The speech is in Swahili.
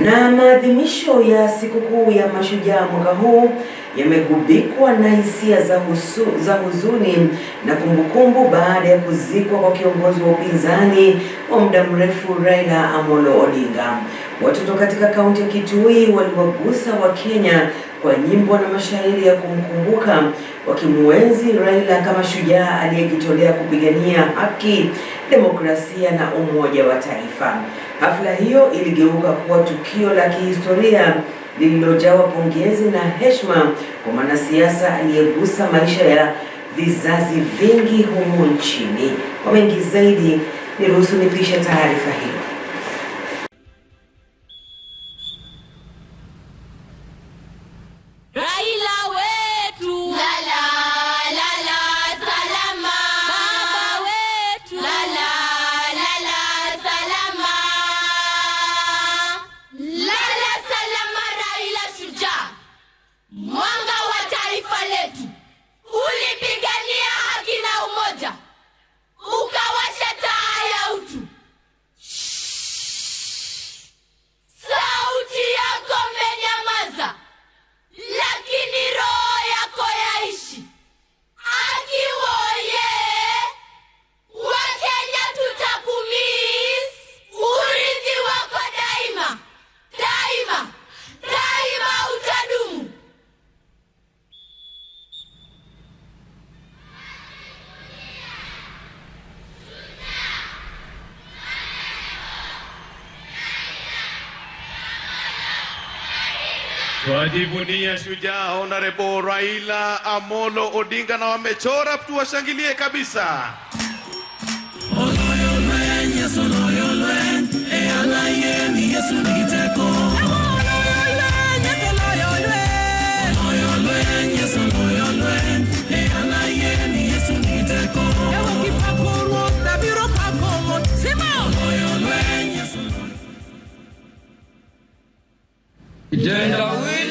Na maadhimisho ya sikukuu ya mashujaa mwaka huu yamegubikwa na hisia za, husu, za huzuni na kumbukumbu baada ya kuzikwa kwa kiongozi wa upinzani wa muda mrefu Raila Amolo Odinga. Watoto katika kaunti ya Kitui waliwagusa Wakenya kwa nyimbo na mashairi ya kumkumbuka, wakimwenzi Raila kama shujaa aliyejitolea kupigania haki demokrasia na umoja wa taifa. Hafla hiyo iligeuka kuwa tukio la kihistoria lililojawa pongezi na heshima kwa mwanasiasa aliyegusa maisha ya vizazi vingi humu nchini. Kwa mengi zaidi, niruhusu nipishe taarifa hiyo. Twajivunia shujaa Honorable Raila Amolo Odinga, na wamechora, tuwashangilie kabisa. Dzień dobry.